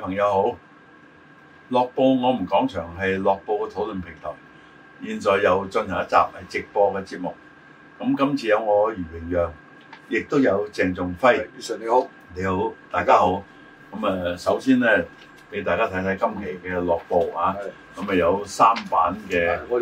朋友好，樂報我們講場係樂報嘅討論平台，現在又進行一集係直播嘅節目。咁今次有我余榮陽，亦都有鄭仲輝。Sir, 你好，你好，大家好。咁啊，首先咧，俾大家睇睇今期嘅樂報。啊的。咁啊，有三版嘅呢個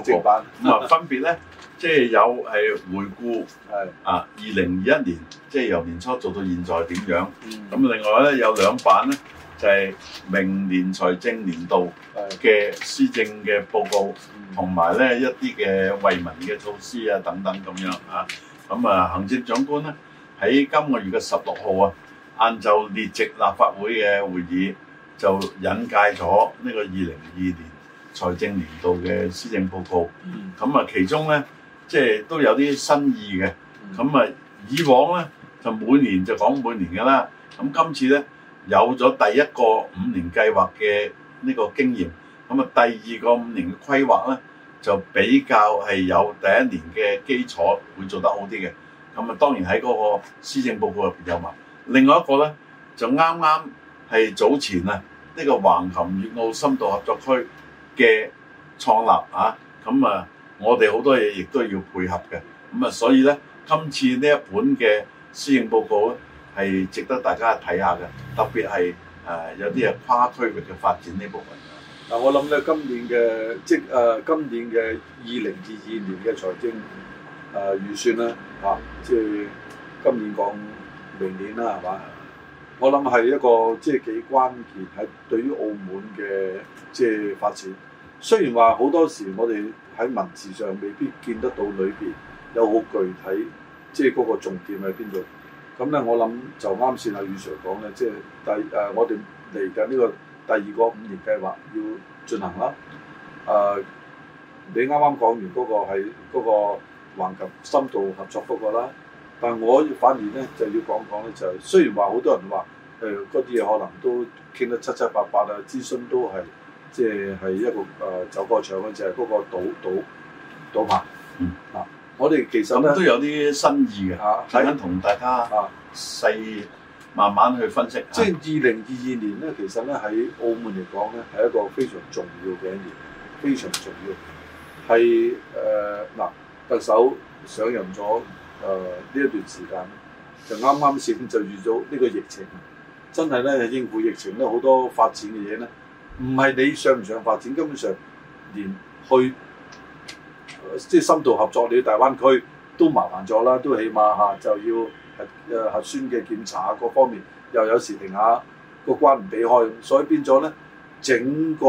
直版。咁啊，分別咧。即係有係回顧，係的啊，二零二一年即係、就是、由年初做到現在點樣。咁、嗯、另外咧有兩版咧，就係、是、明年財政年度嘅施政嘅報告，同埋咧一啲嘅惠民嘅措施啊等等咁樣啊。咁啊，行政長官咧喺今個月嘅十六號啊晏晝列席立法會嘅會議，就引介咗呢個二零二二年財政年度嘅施政報告。咁啊、嗯，嗯、其中咧。即係都有啲新意嘅，咁啊以往呢就每年就講每年嘅啦，咁今次呢有咗第一個五年計劃嘅呢個經驗，咁啊第二個五年嘅規劃呢就比較係有第一年嘅基礎會做得好啲嘅，咁啊當然喺嗰個施政報告入邊有埋，另外一個呢就啱啱係早前啊呢個橫琴粵澳深度合作區嘅創立啊，咁啊～我哋好多嘢亦都係要配合嘅，咁啊，所以咧，今次呢一本嘅施政報告咧，係值得大家睇下嘅，特別係誒有啲係跨區域嘅發展呢部分。嗱、呃，我諗咧今年嘅即係、呃、今年嘅二零二二年嘅財政誒預、呃、算啦，嚇、啊，即係今年講明年啦，係嘛？我諗係一個即係幾關鍵喺對於澳門嘅即係發展。雖然話好多時我哋，喺文字上未必見得到裏邊有好具體，即係嗰個重點喺邊度？咁咧，我諗就啱先阿宇 Sir 講咧，即係第誒、呃、我哋嚟緊呢個第二個五年計劃要進行啦。誒、呃，你啱啱講完嗰個係嗰、嗰個橫琴深度合作夥伴啦，但係我反而咧就要講講咧，就係雖然話好多人話誒嗰啲嘢可能都傾得七七八八啊，諮詢都係。即係係一個誒走過場嗰隻，嗰、就係、個賭賭賭，賭牌。嗯。啊，我哋其實咧都有啲新意嘅嚇，睇緊同大家啊細係慢慢去分析。嗯、即係二零二二年咧，其實咧喺澳門嚟講咧，係一個非常重要嘅一年，非常重要。係誒嗱，特首上任咗誒呢一段時間就啱啱先就遇到呢個疫情，真係咧係應付疫情咧好多發展嘅嘢咧。唔係你想唔想發展，根本上連去即係深度合作，你去大灣區都麻煩咗啦，都起碼嚇就要核誒核酸嘅檢查，各方面又有時停下個關唔俾開，所以變咗咧，整個誒、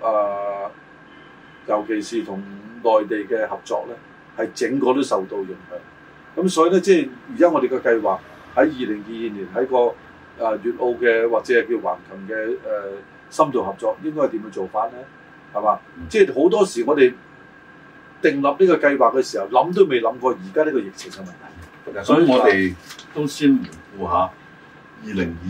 呃、尤其是同內地嘅合作咧，係整個都受到影響。咁所以咧，即係而家我哋嘅計劃喺二零二二年喺個誒粵、呃、澳嘅，或者係叫橫琴嘅誒。呃深度合作應該係點嘅做法咧？係嘛？嗯、即係好多時我哋訂立呢個計劃嘅時候，諗都未諗過而家呢個疫情嘅問題，是是所以我哋都先回顧，顧下二零二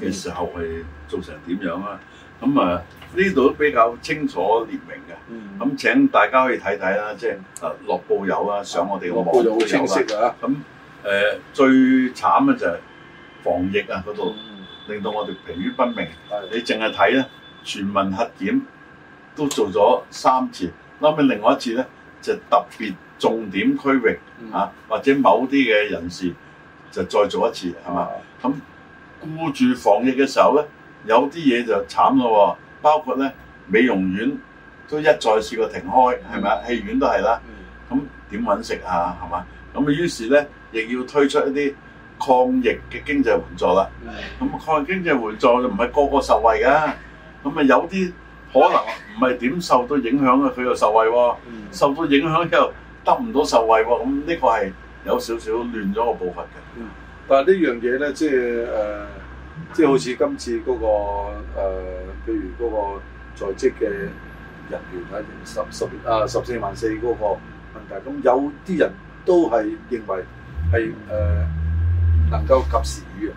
一嘅時候係做成點樣啊？咁啊呢度都比較清楚列明嘅，咁、嗯、請大家可以睇睇啦，即係啊落報有啊，上我哋嘅網就、嗯、有啦。咁誒、呃、最慘嘅就係防疫啊嗰度。令到我哋疲於奔命。你淨係睇咧全民核檢都做咗三次，後屘另外一次咧就特別重點區域嚇、嗯啊、或者某啲嘅人士就再做一次係嘛？咁顧住防疫嘅時候咧，有啲嘢就慘咯，包括咧美容院都一再試過停開，係咪啊？戲院都係啦，咁點揾食啊？係嘛？咁啊，於是咧亦要推出一啲。抗疫嘅經濟援助啦，咁抗疫經濟援助就唔係個個受惠嘅，咁啊有啲可能唔係點受到影響啊，佢又受惠，受到影響又得唔到受惠喎，咁呢個係有少少亂咗個部分嘅。嗯、但係呢樣嘢咧，即係誒、呃，即係好似今次嗰個誒，譬如嗰個在職嘅人員啊，十十啊十四萬四嗰個問題，咁有啲人都係認為係誒。能夠及時雨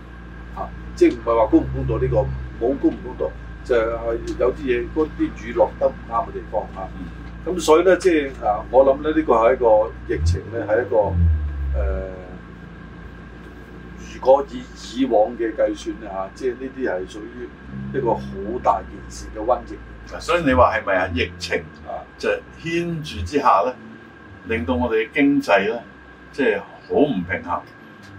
啊，即係唔係話公唔公道呢、這個？冇公唔公道，就係、是、有啲嘢嗰啲雨落得唔啱嘅地方啊。咁、嗯嗯、所以咧，即、就、係、是、啊，我諗咧呢、這個係一個疫情咧，係一個誒、呃。如果以以往嘅計算啊，即係呢啲係屬於一個好大件事嘅瘟疫、嗯。所以你話係咪啊？疫情啊，就牽住之下咧，令到我哋經濟咧，即係好唔平衡。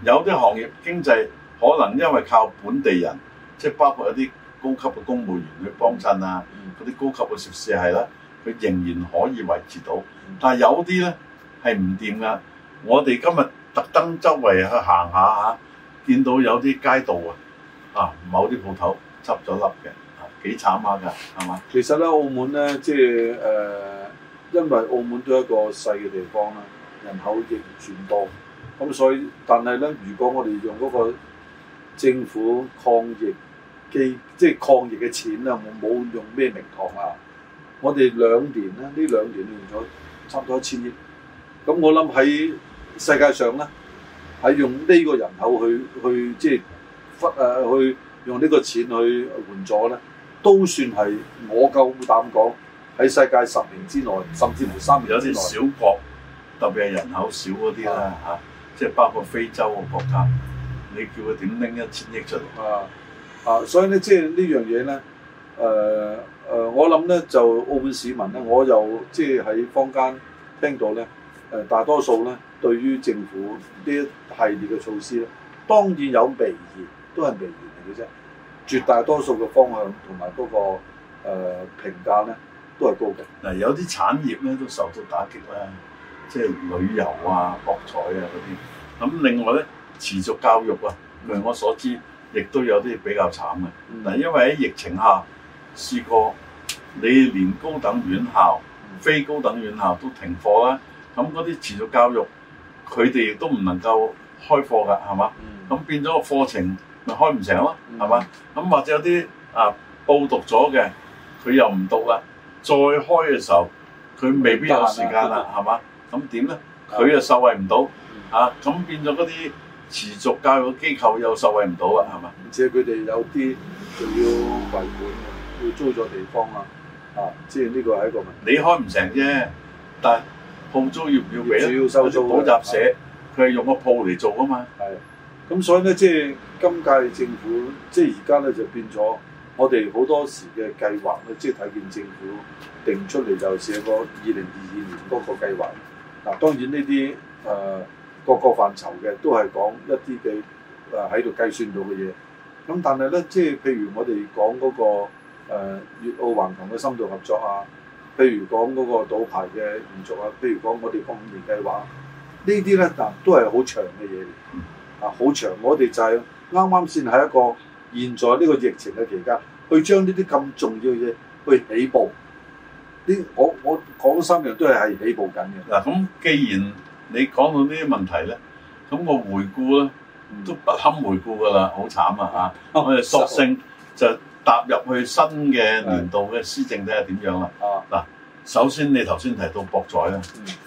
有啲行業經濟可能因為靠本地人，即係包括一啲高級嘅公務員去幫襯啊，嗰啲、嗯、高級嘅設施係啦，佢仍然可以維持到。但係有啲咧係唔掂㗎。我哋今日特登周圍去行下嚇，見到有啲街道啊，啊某啲鋪頭執咗笠嘅，啊幾慘下㗎，係嘛？其實咧，澳門咧，即係誒、呃，因為澳門都係一個細嘅地方啦，人口亦唔算多。咁所以，但係咧，如果我哋用嗰個政府抗疫嘅即係抗疫嘅錢啊，我冇用咩名堂啊！我哋兩年咧，呢兩年用咗差唔多一千億。咁我諗喺世界上咧，喺用呢個人口去去即係忽誒去用呢個錢去援助咧，都算係我夠膽講喺世界十年之內，甚至乎三年之內有啲小國，特別係人口少嗰啲咧嚇。啊啊即係包括非洲個國家，你叫佢點拎一千億出嚟？啊啊！所以咧，即係呢樣嘢咧，誒、呃、誒，我諗咧就澳門市民咧，我又即係喺坊間聽到咧，誒、呃、大多數咧對於政府呢一系列嘅措施咧，當然有微言，都係微言嚟嘅啫。絕大多數嘅方向同埋嗰個誒評價咧，都係高嘅。嗱、啊，有啲產業咧都受到打擊啦。即係旅遊啊、博彩啊嗰啲，咁另外咧持續教育啊，據我所知亦、嗯、都有啲比較慘嘅嗱，嗯、因為喺疫情下試過你連高等院校、嗯、非高等院校都停課啦，咁嗰啲持續教育佢哋亦都唔能夠開課㗎，係嘛？咁、嗯、變咗個課程咪開唔成咯，係嘛、嗯？咁或者有啲啊報讀咗嘅佢又唔讀啦，再開嘅時候佢未必有時間啦，係嘛？咁點咧？佢又受惠唔到、嗯、啊！咁變咗嗰啲持續教育機構又受惠唔到啊？係嘛？而且佢哋有啲要維管嘅，要租咗地方啊！啊，即係呢個係一個問題，你開唔成啫。嗯、但係鋪租要唔要俾咧？要收租。補習社，佢係的用個鋪嚟做啊嘛。係。咁所以咧，即係今屆政府，即係而家咧就變咗，我哋好多時嘅計劃咧，即係睇見政府定出嚟就是、寫個二零二二年嗰個計劃。嗱，當然呢啲誒個個範疇嘅都係講一啲嘅誒喺度計算到嘅嘢，咁但係咧，即係譬如我哋講嗰個誒粵澳橫琴嘅深度合作啊，譬如講嗰個賭牌嘅延續啊，譬如講我哋個五年計劃，呢啲咧嗱都係好長嘅嘢，啊好長，我哋就係啱啱先喺一個現在呢個疫情嘅期間，去將呢啲咁重要嘅嘢去起步。啲我我講深入都係係起步緊嘅嗱，咁既然你講到呢啲問題咧，咁我回顧咧、嗯、都不堪回顧噶啦，好慘啊嚇！我哋索性就是、踏入去新嘅年度嘅施政睇下點樣啦。嗱，首先你頭先提到博彩咧，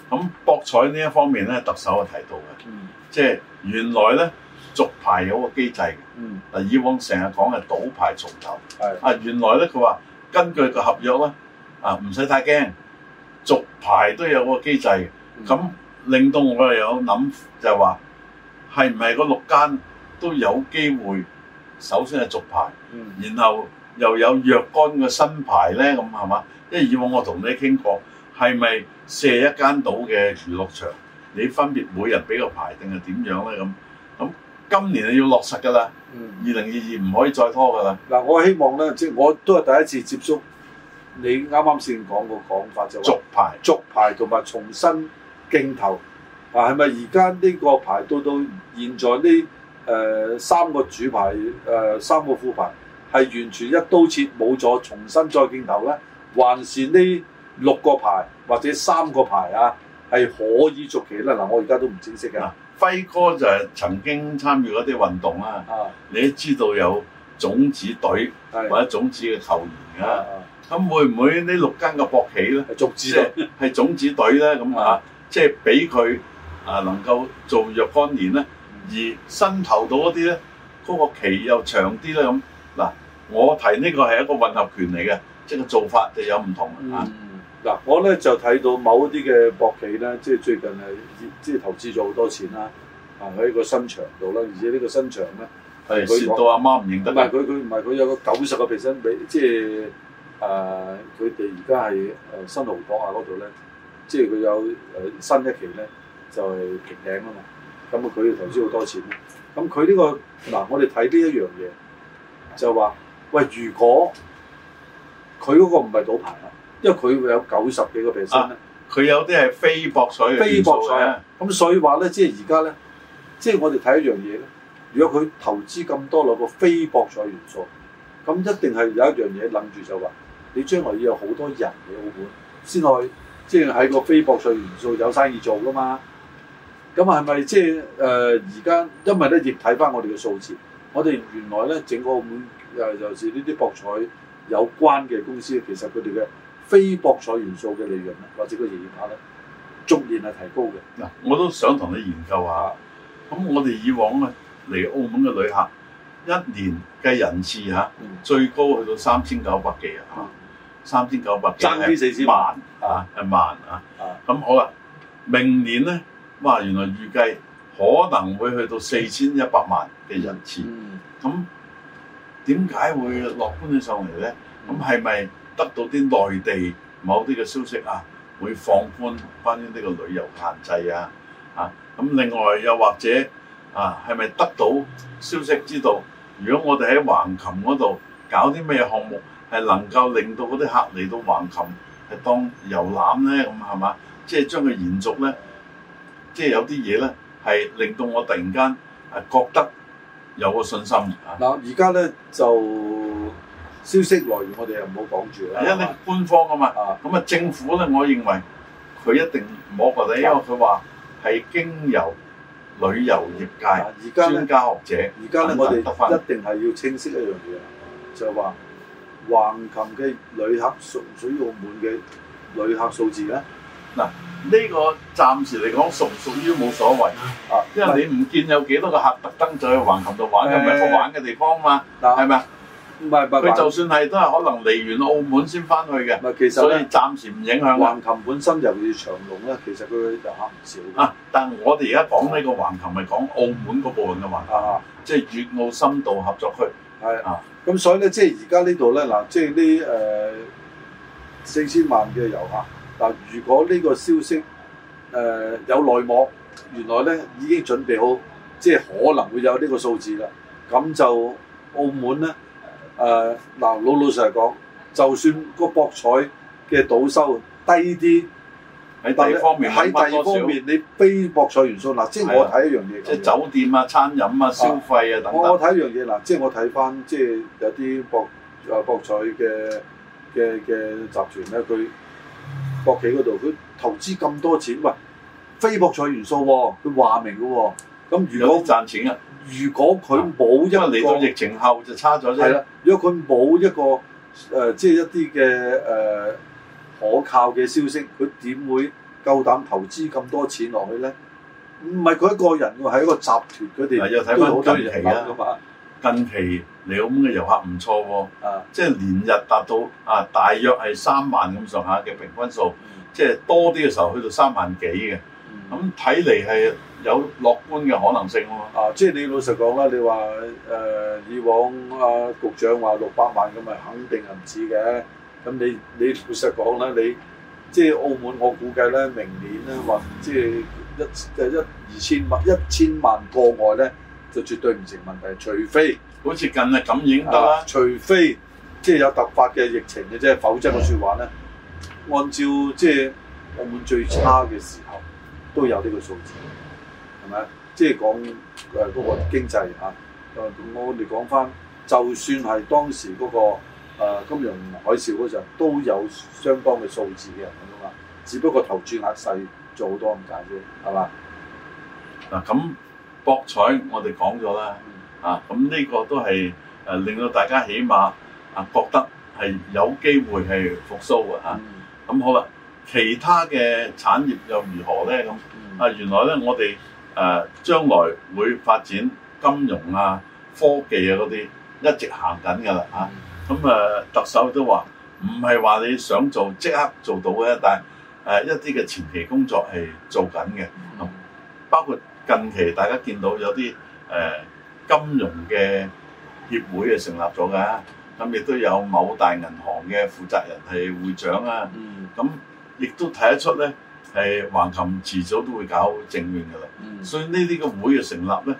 咁、嗯、博彩呢一方面咧，特首係提到嘅，嗯、即係原來咧續牌有個機制嗱，嗯、以往成日講係賭牌重頭，啊原來咧佢話根據個合約咧。啊，唔使太驚，續牌都有個機制，咁、嗯、令到我又有諗，就係話係唔係嗰六間都有機會，首先係續牌，嗯、然後又有若干個新牌咧，咁係嘛？因為以往我同你傾過，係咪射一間島嘅娛樂場，你分別每人俾個牌定係點樣咧？咁咁今年你要落實㗎啦，二零二二唔可以再拖㗎啦。嗱、嗯，我希望咧，即我都係第一次接觸。你啱啱先講個講法就續、是、牌、續牌同埋重新競投，嗱，係咪而家呢個牌到到現在呢？誒、呃、三個主牌、誒、呃、三個副牌係完全一刀切，冇咗重新再競投咧？還是呢六個牌或者三個牌啊，係可以續期咧？嗱、啊，我而家都唔清晰嘅。輝、啊、哥就係曾經參與一啲運動啦，啊、你都知道有種子隊的或者種子嘅球員啊。啊啊咁會唔會六呢六間嘅博企咧？種子、種子隊係種子隊咧咁啊，即係俾佢啊能夠做若干年咧，而新投到嗰啲咧，嗰、那個期又長啲咧咁。嗱，我提呢個係一個混合權嚟嘅，即係做法就有唔同啦。嗱、嗯嗯，我咧就睇到某一啲嘅博企咧，即係最近係即係投資咗好多錢啦，啊喺個新場度啦，而且呢個新場咧係、嗯、蝕到阿媽唔認得。但係佢佢唔係佢有個九十個 percent 俾即係。誒佢哋而家係誒新豪博亞嗰度咧，即係佢有誒、呃、新一期咧，就係、是、平頂啊嘛。咁啊，佢投資好多錢，咁佢呢個嗱，我哋睇呢一樣嘢就話：喂，如果佢嗰個唔係賭牌啦，因為佢會有九十幾個 percent 咧，佢、啊、有啲係非，非博彩、非博彩咁，所以話咧，即係而家咧，即係我哋睇一樣嘢咧。如果佢投資咁多攞個非博彩元素，咁一定係有一樣嘢諗住就話。你將來要有好多人嘅澳門先可以，即係喺個非博彩元素有生意做㗎嘛？咁係咪即係誒？呃、而家因為咧，亦睇翻我哋嘅數字，我哋原來咧整個澳門誒，尤其是呢啲博彩有關嘅公司，其實佢哋嘅非博彩元素嘅利潤或者個營業額咧，逐年係提高嘅。嗱、呃，我都想同你研究下。咁我哋以往咧嚟澳門嘅旅客一年嘅人次嚇、啊，最高去到三千九百幾人啊！三千九百幾，爭四千萬啊，係萬啊，咁、啊啊、好啦。明年呢，哇，原來預計可能會去到四千一百萬嘅人次。咁點解會樂觀嘅上嚟呢？咁係咪得到啲內地某啲嘅消息啊？會放寬關於呢個旅遊限制啊？啊，咁、啊、另外又或者啊，係咪得到消息知道，如果我哋喺橫琴嗰度搞啲咩項目？係能夠令到嗰啲客嚟到橫琴係當遊覽咧，咁係嘛？即係將佢延續咧，即係有啲嘢咧係令到我突然間係覺得有個信心嚇。嗱，而家咧就消息來源我，我哋又唔好講住啦，因為官方啊嘛。咁啊吧，政府咧，我認為佢一定，我覺得吧因為佢話係經由旅遊業界、而家專家學者而家咧，我哋一定係要清晰一樣嘢，就係話。橫琴嘅旅客屬唔屬於澳門嘅旅客數字咧？嗱，呢個暫時嚟講屬唔屬於冇所謂，啊、因為你唔見有幾多個客特登就去橫琴度玩嘅，唔係個玩嘅地方嘛，係咪？唔係，佢就算係都係可能嚟完澳門先翻去嘅，啊、所以暫時唔影響。橫琴本身又要長隆啦，其實佢遊客唔少。啊，但係我哋而家講呢個橫琴係講澳門嗰部分嘅話，啊、即係粵澳深度合作區。係啊，咁所以咧，即係而家呢度咧，嗱，即係呢誒四千萬嘅遊客，嗱、呃，如果呢個消息誒、呃、有內幕，原來咧已經準備好，即係可能會有呢個數字啦，咁就澳門咧誒嗱，老老實實講，就算個博彩嘅賭收低啲。喺第一方面，喺第二方面多多，你非博彩元素嗱，對即係我睇一樣嘢，即係酒店啊、餐飲啊、消費啊等等。我睇一樣嘢嗱，即係我睇翻，即係有啲博啊博彩嘅嘅嘅集團咧，佢博企嗰度佢投資咁多錢喂，非博彩元素喎，佢話明嘅喎。咁如果賺錢啊？如果佢冇、啊、因為嚟到疫情後就差咗啫對。係啦對，如果佢冇一個誒、呃，即係一啲嘅誒。呃可靠嘅消息，佢點會夠膽投資咁多錢落去咧？唔係佢一個人喎，係一個集團佢哋。係又睇翻近期啦。近期嚟講你咁嘅遊客唔錯喎，啊、即係連日達到啊大約係三萬咁上下嘅平均數，嗯、即係多啲嘅時候去到三萬幾嘅。咁睇嚟係有樂觀嘅可能性咯、啊。啊，即係你老實講啦，你話誒、呃、以往啊局長話六百萬咁，係肯定係唔止嘅。咁你你，你老實講啦，你即係澳門，我估計咧，明年咧或即係一就一,一二千萬一千萬個外咧，就絕對唔成問題。除非、嗯、好似近日咁已經得啦，的除非即係有突發嘅疫情嘅啫，否則嘅説話咧，按照即係澳門最差嘅時候都有呢個數字，係咪即係講誒嗰個經濟啊，咁我哋講翻，就算係當時嗰、那個。誒、啊、金融海嘯嗰陣都有相當嘅數字嘅人咁樣啦，只不過投注額細，做好多咁大啫，係嘛？嗱咁博彩我哋講咗啦，啊咁呢個都係誒令到大家起碼啊覺得係有機會係復甦嘅嚇。咁、啊嗯啊、好啦，其他嘅產業又如何咧？咁啊，啊原來咧我哋誒、啊、將來會發展金融啊、科技啊嗰啲一直行緊㗎啦嚇。啊啊咁啊，特首都話唔係話你想做即刻做到嘅，但係誒一啲嘅前期工作係做緊嘅。包括近期大家見到有啲誒金融嘅協會啊成立咗㗎，咁亦都有某大銀行嘅負責人係會長啊。咁亦都睇得出咧，係橫琴遲早都會搞正面㗎啦。所以呢啲嘅會嘅成立咧，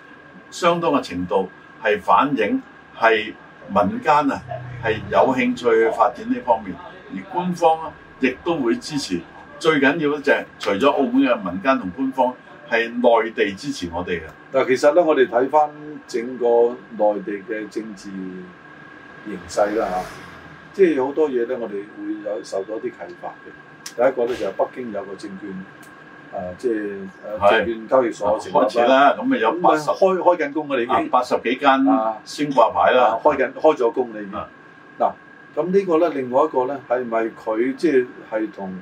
相當嘅程度係反映係。民間啊，係有興趣去發展呢方面，而官方咧，亦都會支持。最緊要就係除咗澳門嘅民間同官方，係內地支持我哋嘅。但係，其實咧，我哋睇翻整個內地嘅政治形勢啦嚇，即係好多嘢咧，我哋會有受到啲啟發嘅。第一個咧就係北京有個政權。誒、啊、即係誒，證券、嗯、交易所開始啦。咁啊有八十開開緊工嘅你，已經八十幾間先掛牌啦、啊。開緊開咗工你。嗱咁是、啊、呢個咧，另外一個咧，係咪佢即係係同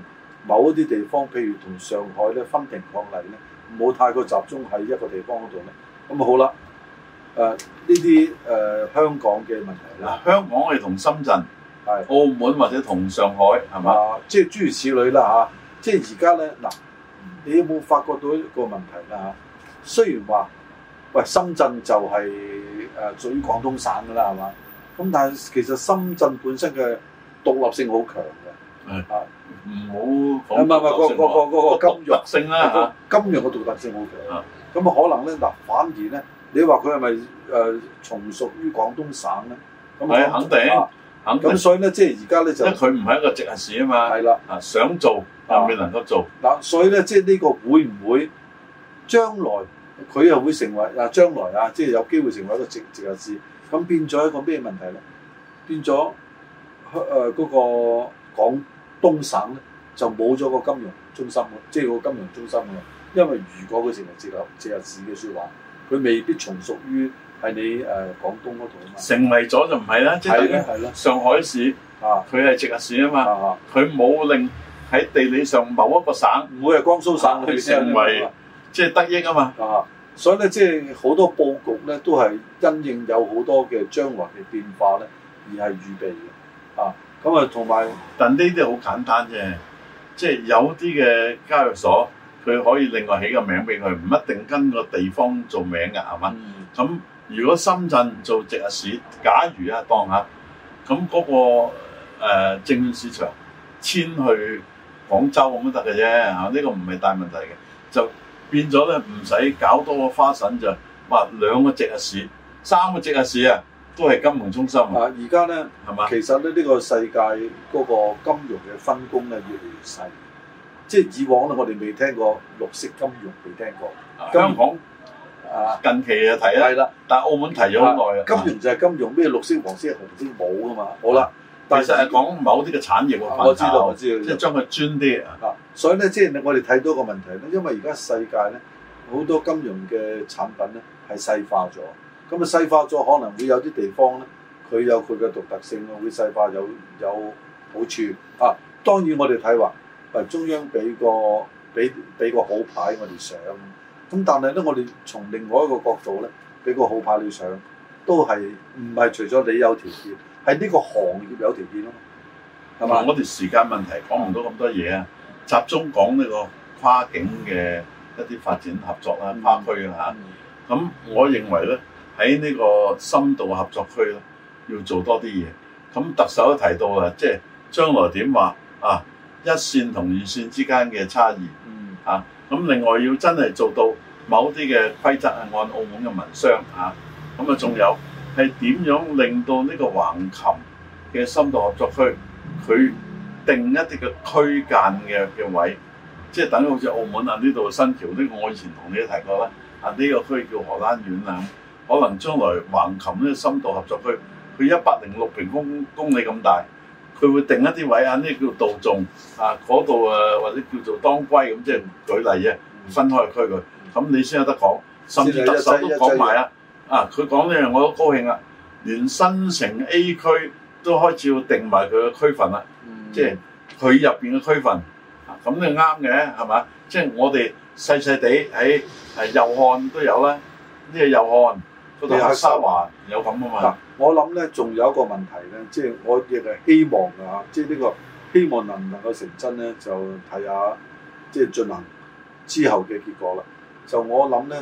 某一啲地方，譬如同上海咧分庭抗禮咧，唔好太過集中喺一個地方嗰度咧。咁啊好啦，誒呢啲誒香港嘅問題啦。香港係同、啊、深圳係是澳門或者同上海係嘛、啊？即係諸如此類啦嚇。即係而家咧嗱。啊啊啊啊啊啊啊你有冇發覺到一個問題啦嚇？雖然話喂深圳就係誒屬於廣東省噶啦係嘛？咁但係其實深圳本身嘅獨立性好強嘅，係啊，唔好講。唔係唔係，個個個個金融性啦金融嘅獨立性好強。咁啊可能咧嗱，反而咧，你話佢係咪誒從屬於廣東省咧？係肯定。咁所以咧，即係而家咧就，因為佢唔係一個直轄市啊嘛。係啦。啊，想做。但未、嗯、能夠做嗱、啊，所以咧，即係呢個會唔會將來佢又會成為嗱將來啊，即係有機會成為一個直直轄市，咁變咗一個咩問題咧？變咗香誒嗰個廣東省咧，就冇咗個金融中心嘅，即、就、係、是、個金融中心嘅，因為如果佢成為直轄直轄市嘅説話，佢未必從屬於係你誒、呃、廣東嗰度啊嘛。成為咗就唔係啦，即係譬如上海市啊，佢係直轄市啊嘛，佢冇令。的喺地理上某一個省，唔會係江蘇省，佢成為即係得益啊嘛。啊，所以咧，即係好多佈局咧，都係因應有好多嘅將來嘅變化咧，而係預備嘅。啊，咁啊，同埋，但呢啲好簡單啫。即係有啲嘅交易所，佢可以另外起個名俾佢，唔一定跟個地方做名㗎，係嘛？咁如果深圳做直轄市，假如啊當下，咁嗰個誒證券市場遷去。廣州咁都得嘅啫，嚇呢個唔係大問題嘅，就變咗咧，唔使搞多個花神就，哇，兩個直轄市，三個直轄市啊，都係金融中心啊！而家咧，係嘛？其實咧，呢個世界嗰個金融嘅分工咧越嚟越細，即係以往咧，我哋未聽過綠色金融，未聽過香港啊，近期就提啦，但係澳門提咗好耐啊。金融就係金融，咩綠色、黃色、紅色冇啊嘛，好啦。但實係講某啲嘅產業我知道，即係將佢專啲啊。所以咧，即係我哋睇到個問題咧，因為而家世界咧好多金融嘅產品咧係細化咗。咁啊細化咗可能會有啲地方咧，佢有佢嘅獨特性咯，會細化有有好處啊。當然我哋睇話，係中央俾個俾俾個好牌我哋上。咁但係咧，我哋從另外一個角度咧，俾個好牌你上，都係唔係除咗你有條件？喺呢個行業有條件咯，係嘛？嗯？吧我哋時間問題講唔到咁多嘢啊，嗯、集中講呢個跨境嘅一啲發展合作啦、嗯、跨區啦嚇。咁、嗯啊、我認為咧，喺呢個深度合作區咯，要做多啲嘢。咁特首都提到啊，即係將來點話啊，一線同二線之間嘅差異，嗯、啊咁另外要真係做到某啲嘅規則啊，按澳門嘅民商嚇，咁啊仲、啊、有、嗯。嗯係點樣令到呢個橫琴嘅深度合作區，佢定一啲嘅區間嘅嘅位，即係等於好似澳門啊呢度新橋呢、這個，我以前同你提過啦。啊、這、呢個區叫荷蘭苑啊，可能將來橫琴呢深度合作區，佢一百零六平方公，公里咁大，佢會定一啲位啊，呢叫杜仲啊嗰度啊或者叫做當歸咁、啊，即係舉例嘅，分開區嘅，咁你先有得講，甚至特首都講埋啊。啊！佢講呢樣，我都高興啊！連新城 A 區都開始要定埋佢嘅區份啦，即係佢入邊嘅區份啊！咁你啱嘅，係嘛？即係我哋細細地喺喺佑漢都有啦，呢個佑漢，度喺沙環有咁啊嘛？嗱，我諗咧，仲有一個問題咧，即係我亦係希望啊！即係呢個希望能唔能夠成真咧，就睇下即係進行之後嘅結果啦。就我諗咧。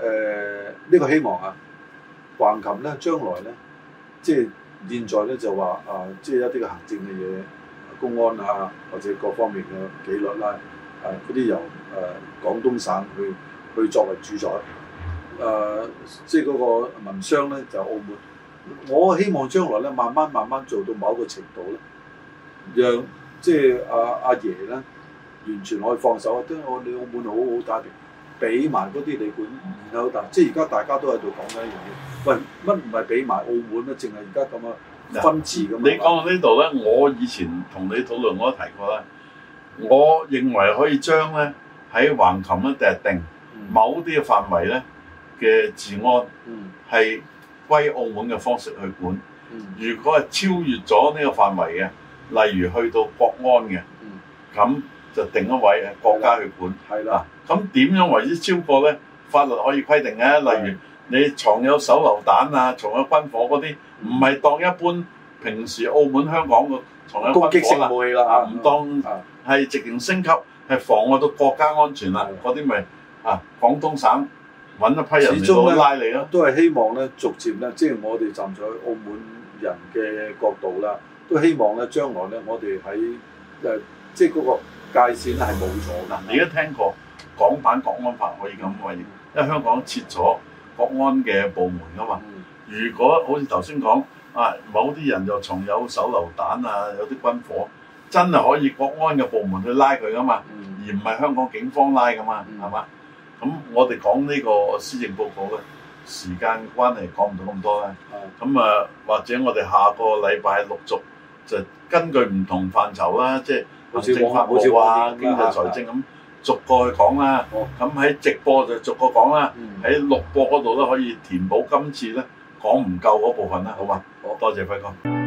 誒呢、呃這個希望啊，橫琴咧將來咧，即係現在咧就話啊、呃，即係一啲嘅行政嘅嘢，公安啊，或者各方面嘅紀律啦、啊，啊嗰啲由誒廣、呃、東省去去作為主宰，誒、呃、即係嗰個民商咧就是、澳門。我希望將來咧慢慢慢慢做到某一個程度咧，嗯、讓即係阿阿爺咧完全可以放手，因為我哋澳門好好打俾埋嗰啲你管，然後但即係而家大家都喺度講緊一樣嘢，喂，乜唔係俾埋澳門咧？淨係而家咁樣分支。咁你講到呢度咧，嗯、我以前同你討論我都提過啦，我認為可以將咧喺橫琴咧定係定某啲嘅範圍咧嘅治安係歸澳門嘅方式去管。如果係超越咗呢個範圍嘅，例如去到國安嘅，咁。就定一位國家去管，嗱咁點樣為之超過咧？法律可以規定嘅，例如你藏有手榴彈啊，的藏有軍火嗰啲，唔係、嗯、當一般平時澳門香港嘅藏有、啊、攻擊性武器啦，唔、啊、當係直情升級，係妨礙到國家安全啦、啊，嗰啲咪啊廣東省揾一批人嚟拉嚟咯。都係希望咧，逐漸咧，即係我哋站在澳門人嘅角度啦，都希望咧，將來咧，我哋喺誒即係嗰、那個。界線係冇錯㗎，你都聽過港版國安法可以咁話，因為香港設咗國安嘅部門㗎嘛。如果好似頭先講啊，某啲人又藏有手榴彈啊，有啲軍火，真係可以國安嘅部門去拉佢㗎嘛，而唔係香港警方拉㗎嘛，係嘛？咁我哋講呢個施政報告嘅時間關係，講唔到咁多啦。咁啊，或者我哋下個禮拜陸續就根據唔同範疇啦，即係。財法發佈啊，經濟財政咁、啊啊、逐個去講啦，咁喺、嗯、直播就逐個講啦，喺錄、嗯、播嗰度都可以填補今次咧講唔夠嗰部分啦，好嘛？好，好多謝輝哥。